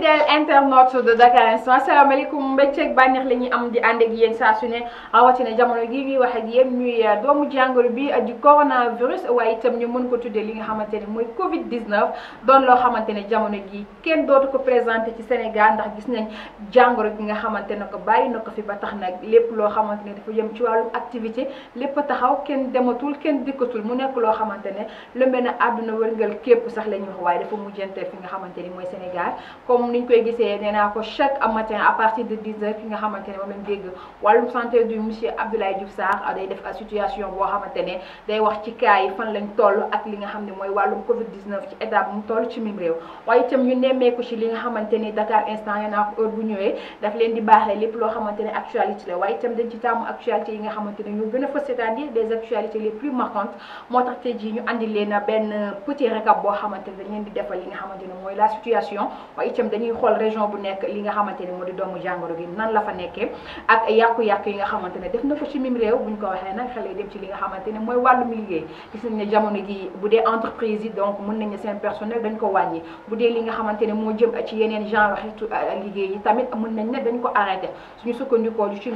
fidèle internaute de Dakar Instant asalaamaaleykum mbégteeg bànneex la ñuy am di ànd ak yéen saa su ne rawatina jamono gi ñuy wax ak yéen ñuy euh, doomu jàngoro bi euh, di coronavirus waaye itam ñu mën ko tuddee li nga xamante ne mooy Covid 19 doon loo xamante ne jamono gi kenn dootu ko présenté ci Sénégal ndax gis nañ jàngoro gi nga xamante ne ko bàyyi na ko fi ba tax nag lépp loo xamante ne dafa yem ci wàllu activité lépp taxaw kenn dematul kenn dikkatul mu nekk loo xamante ne lu mel ne àdduna wërngal képp sax la ñuy wax waaye dafa mujjante fi nga xamante ni mooy Sénégal comme niñ koy gisee nee naa ko chaque matin à partir de 10 heures ki nga xamante ne moom lañ dégg wàllum santé du monsieur Abdoulaye Diouf Sarr ah, day def situation boo xamante ne day wax ci cas yi fan lañ toll ak li nga xam ne mooy wàllum Covid 19 ci état bu mu toll ci mim réew waaye itam ñu nemmeeku ci li nga xamante ni Dakar instant nee naa ko heure bu ñëwee daf leen di baaxee lépp loo xamante ne actualité la waaye itam dañ ci tàmm actualité yi nga xamante ne ñu gën a fës cest des actualités les plus marquantes moo tax tey jii ñu andi leen benn petit récap boo xamante ne dañ leen di defal li nga xamante ne mooy la situation waaye itam dañuy xool région bu nekk li nga xamante ne moo di doomu jàngoro gi nan la fa nekkee ak yàqu-yàqu yi nga xamante ne def na ko ci mim réew buñ ko waxee nag xale dem ci li nga xamante dañ ko wàññi bu dee li nga xamante ne moo jëm ci yeneen genre xeetu euh, liggéey yi tamit mën nañ ne dañ ko arrêté suñu sukkandikoo ju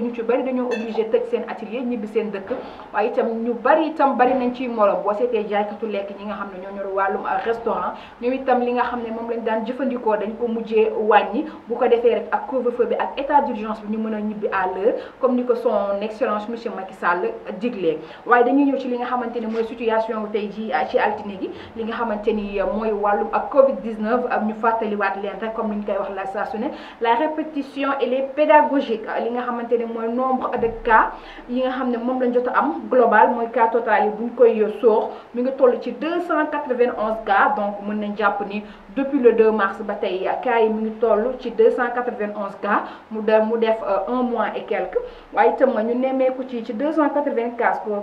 ñu ci bëri dañoo obligé tëj seen atelier ñu bari itam bari nañ ciy morom boo seetee jaaykatu lekk ñi nga xam ne euh, xam ne moom lañ daan jëfandikoo dañ ko mujjee wàññi bu ko défé rek ak couvre-feu bi ak état d'urgence bi ñu mëna ñibbi à l'heure comme ni ko son excellence monsieur Macky Sall diglé waaye dañuy ñëw ci li nga xamanténi moy situation tey ji ci altine gi li nga xamanténi moy mooy ak Covid 19 am ñu fàttaliwaat leen rek comme ni ñu koy wax la saa la répétition et les pédagogiques li nga xamanténi moy nombre de cas yi nga xamné mom lañ jot am global moy cas total yi buñ koy sox mi ngi toll ci 291 cas donc mëna nañ jàpp ni depuis le 2 mars ba tey cas yi mu ngi toll ci cent 291 cas mu dem mu def euh, un mois et quelques waaye ma ñu nemmeeku ci ci 295 pour.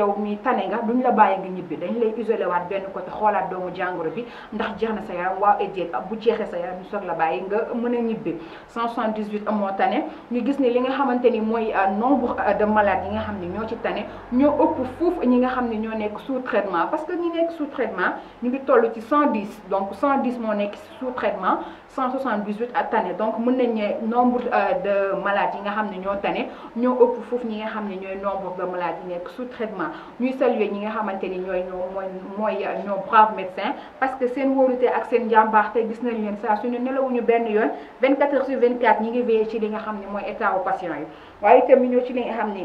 yow mi tané nga duñ la bayé nga ñibbi dañ lay isolé waat benn côté xolaat doomu jangoro bi ndax jeexna sa yaram waaw bu jeexé sa yaram ñu la bayé nga mëna ñibbi 178 amo tané ñu gis ni li nga xamante moy euh, nombre euh, de malades yi nga xam ne ñoo ci tané ñoo upp fouf ñi nga xam ñoo sous traitement parce que ñi nek sous traitement ñu ngi tollu ci 110 donc 110 mo nek sous traitement 178 à tane donc mën nañ nombre euh, de malades yi nga xam ne ñoo tane ñoo ëpp fuuf ñi nga xam ñoy nombre de malades yi nek sous traitement ñuy saluer ñi nga xamante ni ñooy ñoo mooy mooy ñoo euh, brave médecin parce que seen wóolute ak seen jàmbaar te gis nañu leen saa su ne nelawuñu benn yoon 24 heures sur 24 ñi ngi veillé ci li nga xam ne mooy état wu patient yi waaye itam ñu ci li nga xam ni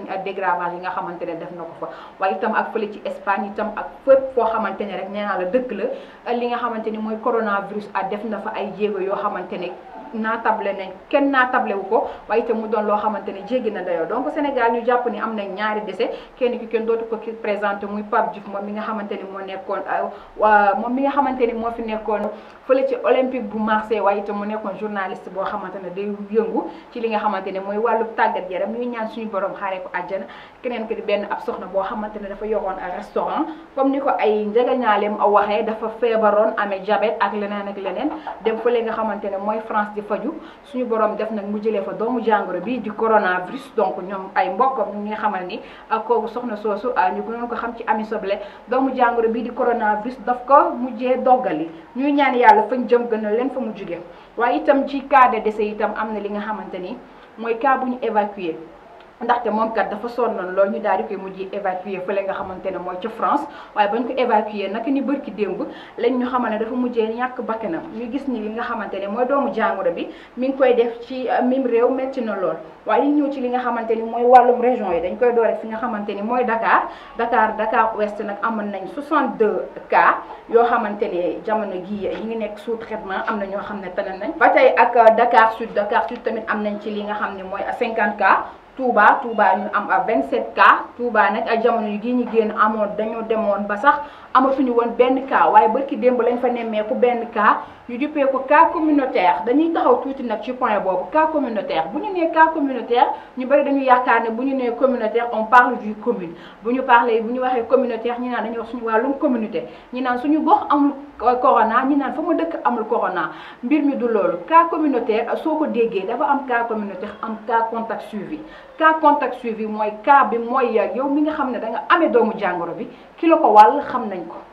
dégravage yi nga xamante ne def na ko fa waaye itam ak fële ci Espagne itam ak fépp foo xamante ne rek nee naa la dëkk la li nga xamante ni mooy coronavirus a ah, def na fa ay jéego yoo xamante ne naatable nañ kenn naatable wu ko waaye tam mu doon loo xamante ne jéggi na dayoo donc Sénégal ñu jàpp ni am na ñaari décès kenn ki kenn dootu ko ki présenté muy Pape Diouf moom mi nga xamante ni moo nekkoon euh, moom mi nga xamante ni moo fi nekkoon fële ci olympique bu Marseille waaye itam mu nekkoon journaliste boo xamante ne day yëngu ci li nga xamante ne mooy wàllu tàggat yaram ñuy ñaan suñu borom xaaree ko àjjana keneen ko di benn ab soxna boo xamante ne dafa yoroon ak restaurant comme ni ko ay a waxee dafa feebaroon amee jabet ak leneen ak leneen dem fële nga xamante ne mooy France di faju suñu borom def nag mu jëlee fa doomu jàngoro bi di coronavirus donc ñoom ay mbokkam ñu ngi xamal ni ak kooku soxna soosu ah, ñu gënoon ko xam ci Ami Soble doomu jàngoro bi di coronavirus daf ko mujjee doggali ñuy ñaan yàlla fañ jëm gën a leen fa mu jugee waaye itam ci cas de itam am na li nga xamante ni mooy cas bu ñu évacué ndaxte moom kat dafa sonnoon loolu ñu daal di koy mujj évacuer fële nga xamante ne mooy ca France waaye bañ ko évacuer naka ni bërki démb lañ ñu xamal ne dafa mujjee ñàkk bakkanam ñu gis ni li nga xamante ne mooy doomu jàngoro bi mi koy def ci euh, mim réew métti na lool waaye ñu ñëw ci li nga xamante ni mooy wàllum région yi dañ koy door rek nga xamante ni mooy Dakar Dakar Dakar Ouest nag amoon nañ 62 cas yoo xamante ne jamono gii ñi ngi nekk sous traitement am na ñoo xam ne tane nañ ba ak euh, Dakar Sud Dakar Sud tamit am nañ ci li nga xam ne mooy cinquante cas Touba Touba ñu am à 27 cas Touba nak ak jamono yi ñu génn amone dañu demoon ba sax amatu ñu won benn cas waye barki demb lañ fa némé nemmeeku benn cas ñu juppee ko cas communautaire dañuy taxaw touti nak ci point bobu cas communautaire bu ñu nee cas communautaire ñu bari dañu yakarne ne bu ñu nee communautaire on parle du commune bu ñu parlee bu ñu waxee communautaire ñi naan dañu wax suñu walum communauté ñi naan suñu gox amul corona ñi naan fa ma dëkk amul corona mbir mi du loolu cas communautaire soko déggé dafa am cas communautaire am cas contact suivi. cas contact suivi mooy cas bi mooy yow mi nga xam ne da ame doomu jàngoro bi kilo ko wal xam nañ ko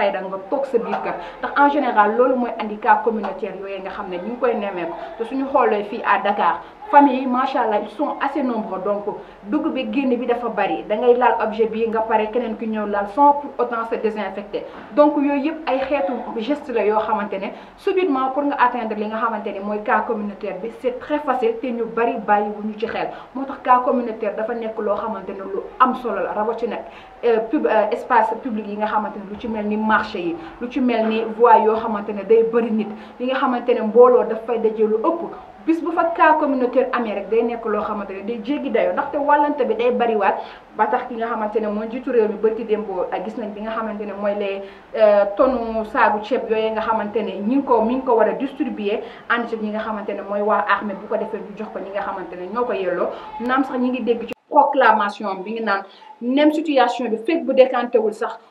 fayda nga tok sa biir kër ndax en général loolu mooy handicap communautaire yooyu nga xam ne ñu ngi koy nemmeeku te suñu xoolee fii à Dakar famille machallah ils sont assez nombreux donc dug bi guen bi dafa bari da ngay lal objet bi nga pare keneen ki ñew lal sans pour autant se désinfecter donc yooyu yëpp ay xétu geste la yo xamantene subitement pour nga atteindre li nga xamantene moy cas communautaire bi c'est très facile té ñu bari bàyyi wu ñu ci xel motax cas communautaire dafa nek lo xamantene lu am solo la ci nek euh, euh, espace public yi nga xamantene lu ci melni marché yi lu ci melni voie yo xamantene day bari nit li nga xamantene mbolo daf fay dajee lu ëpp bis bu fa cas communautaire amee rek day nekk loo xamante ne day jéggi dayoo ndaxte wàllante bi day bariwaat ba tax ki nga xamante ne mooy jiitu réew mi bërki démboo gis nañ bi nga xamante ne mooy les euh, tonnes saagu ceeb yooyu nga xamante ne ñi ngi ko mi ngi ko war a distribuer ànd ci ñi nga xamante ne mooy waa armée bu ko defee ñu jox ko ñi nga xamante ne ñoo ko yelloo naam sax ñi ngi dégg ci proclamation bi ngi naan même situation bi fekk bu décanté wul sax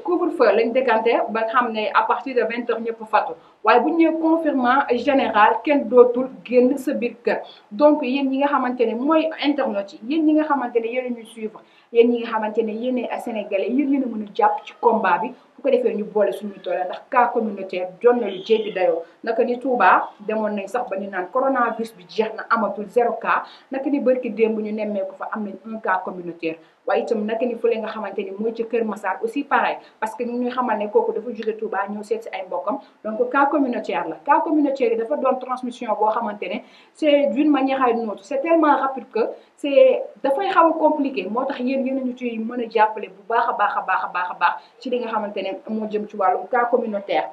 couvre-feu lañ déggante ba xamné à partir de 20h ñëpp fatu waye bu ñu nee confinement général kenn dootul génn sa biir kër donc yeen ñi nga xamante ne mooy internet yi yéen ñi nga xamante ne yéen a suivre yeen ñi nga xamante ne yéen sénégalais yéen yéen a mën a ci combat bi bu ko défé ñu bolé suñu doole ndax ka communautaire doon na lu jéggi dayoo naka ni Touba demoon nañ sax ba ñu naan coronavirus bi jeex na amatul zéro cas nak ni barki démb ñu némé ko fa am nañ un cas communautaire. Il faut que ni nga aussi pareil parce que ñu xamal ne dafa jugé Touba sét ay donc cas communautaire la communautaire transmission manière à une autre C'est tellement rapide que c'est compliqué bu cas communautaire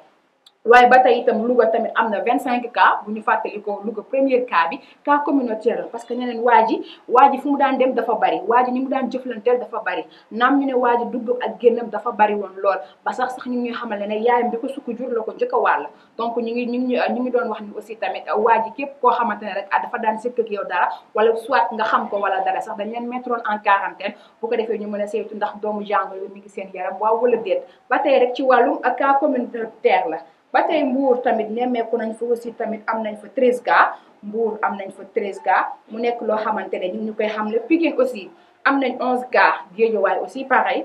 waaye ba tey itam Louga tamit amna 25 cas bu ñu fàttali ko Louga premier cas bi cas communautaire parce que ñeneen waji waji fu mu daan dem dafa bari waji ni mu daan jëflantel dafa bari nam ñu ne waji dugg ak génnam dafa bari won lool ba sax sax ñu ngi xamal ne yaayam biko suku jur la ko njëkk a donc ñu ngi ñu ngi doon wax ni aussi tamit waji ji képp koo xamante rek dafa daan sëkk ak yow dara wala soit nga xam ko wala dara sax dañ leen mettre en quarantaine bu ko defé ñu mëna a ndax doomu jangal mi ngi seen yaram waaw wala déet ba tey rek ci walum ak cas communautaire la ba tey Mbour tamit nemmeeku nañ fa aussi tamit am nañ fa 13 cas Mbour am nañ fa 13 cas mu nekk loo xamante ne ñu ngi ñu koy xam le Pikine aussi am nañ 11 cas Guédiawaye aussi pareil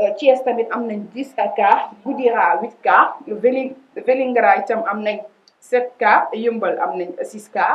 euh, Thiès tamit am nañ 10 cas Goudira 8 itam am nañ 7 cas Yëmbal am nañ 6 cas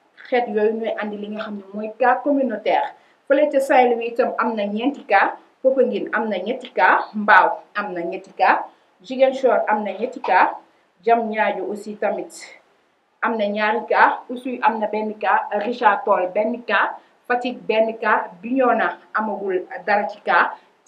xeet yooyu ñooy andi li nga xam ne mooy cas communautaire fële ca Saint-Louis itam am na ñeenti ka cas Popenguine am na ñetti cas Mbao am na ñetti cas Ziguinchor am na ka cas Diamniadio aussi tamit am na ñaari ka Oussouye am na benn cas Richard Toll benn cas Fatick benn cas na amagul dara ci ka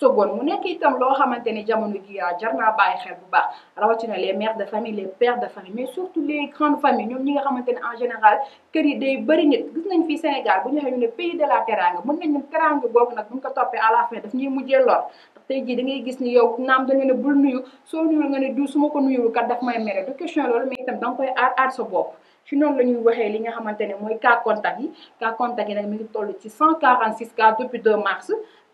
seconde mu nek itam lo xamante jamono gi ya ah, jarna baye xel bu baax na les mères de famille les pères de famille mais surtout les grandes familles ñom ñi nga xamante en général kër yi day bari nit gis nañ fi Sénégal bu ñu waxee ñu ne pays de la teranga mën nañ ne teranga boobu nag buñ ko topé à la fin daf ñuy mujjee lor tey jii da ngay gis ni yow naam ngay ne bul nuyu so ñu nga ne du su ko nuyul kat daf may mere du question lool mais itam da nga koy aar aar sa bopp ci noonu la ñuy li nga xamante moy cas contact yi cas contact yi nag mi ngi toll ci 146 cas depuis 2 mars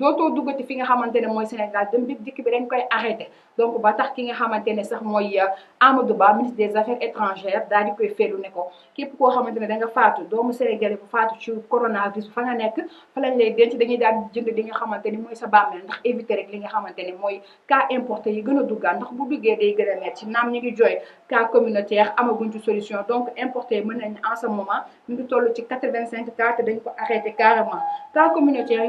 dootoo duggati fi nga xamante ne mooy Sénégal dem koy arrêté donc ba tax ki nga xamante ne sax mooy euh, Amadou Ba ministre des affaires étrangères daal di koy féetlu ne ko képp koo xamante ne da nga faatu doomu Sénégalais bu faatu ci coronavirus fa nga nekk fa lañ lay denc dañuy daal di jënd li nga xamante ni mooy sa bàmmeel ndax éviter rek li nga xamante ne mooy cas importé yi gën a duggaat ndax bu duggee day gën a metti naam ñu ngi jooy cas communautaire amaguñ ci solution donc importé yi mën nañ en ce moment ñu ngi toll ci quatre vingt cinq cas te ko arrêté carrément cas communautaire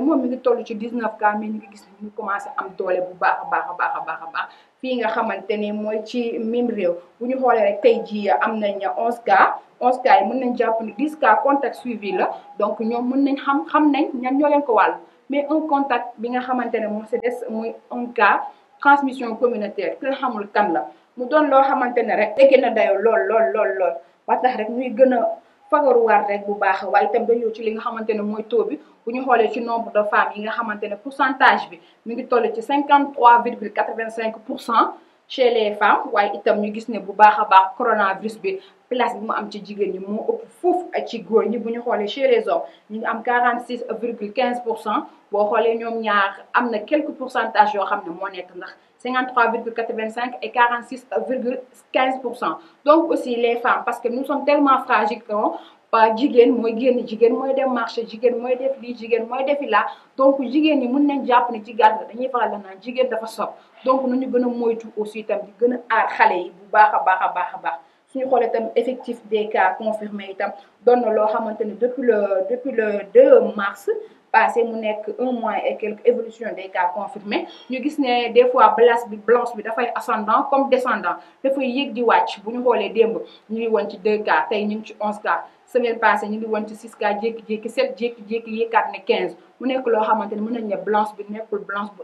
nga kaa mais ñu gis ñu commencé am doole bu baaxa baaxa baaxa baaxa baax fi nga xamantene moy ci même rew bu ñu xolé rek tay ji am nañ 11 cas 11 cas mën nañ japp ni 10 cas contact suivi la donc ñom mën nañ xam xam nañ ñan ñoo leen ko wal mais un contact bi nga xamantene mo moom dess moy muy un cas transmission communautaire kenn xamul kan la mu doon lo xamantene rek dégg na dayo lol lol lol lol ba tax rek ñuy gëna fagaru war rek bu baax way tam dañu ci li nga xamantene moy mooy taux bi buñu ñu xoolee ci nombre de femmes yi nga xamante ne pourcentage bi mi ngi toll ci 53 virgule 85 pour cent chez les femmes waaye itam ñu gis ne bu baax a baax coronavirus bi place bi mu am ci jigéen ñi moo ëpp foofu ci góor ñi bu ñu xoolee chez les hommes ñu ngi am 46 virgule 15 pour cent boo xoolee ñoom ñaar am na quelques pourcentages yoo xam ne moo nekk ndax 53 virgule 85 et 46 virgule 15 pour cent donc aussi les femmes parce que nous sommes tellement fragiles que ba jigen moy génn jigéen mooy dem marché jigen moy def li jigen moy def laa donc jigen ni mën nañ japp ni ci gàttal dañuy faral di jigen dafa sop donc nu ñu gën moytu aussi tam di gëna ar xalé yi bu baaxa baaxa baaxa baax suñu xolé tam effectif des cas confirmés tam don na loo xamante depuis le depuis le 2 mars passé mon nek un mois et quelques évolutions des cas confirmés nous gis né des fois blast bi blanche bi da fay ascendant comme descendant des fois yegg di wacc buñu xolé demb 2 cas tay ci 11 cas semaine passée ñu ngi 6 cas 7 jek jek yékat né 15 mu nek lo xamanteni mu nañ né blanche bi nekul blanche bu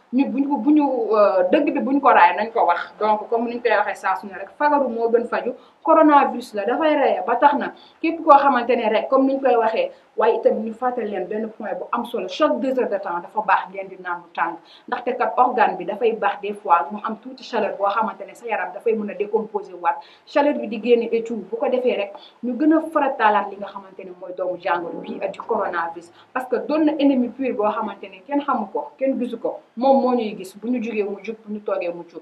ñu buñ ko bu ñu euh, dëgg bi buñ ko raay nañ ko wax donc comme niñ koy waxee saa su ne rek fagaru moo gën faju coronavirus la dafay reye ba tax na képp koo xamante ne rek comme ni ñu koy waxee waaye itam ñu fàttali leen benn point bu am solo chaque deux heures de temps dafa baax ngeen di naan lu tàng ndaxte kat bi dafay baax des fois mu am tuuti chaleur boo xamante ne sa yaram dafay mën a décomposer waat chaleur bi di génne et tout bu ko defee rek ñu gën a farataalaat li nga xamante ne mooy doomu jàngoro bii di coronavirus parce que doon na ennemi pur boo xamante ne kenn xamu ko kenn gisu ko moom moo ñuy gis bu ñu jugee mu jug bu ñu toogee mu jug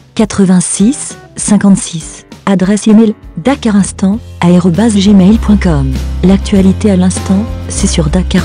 86 56. Adresse email dakarinstant@gmail.com. L'actualité à l'instant, c'est sur Dakar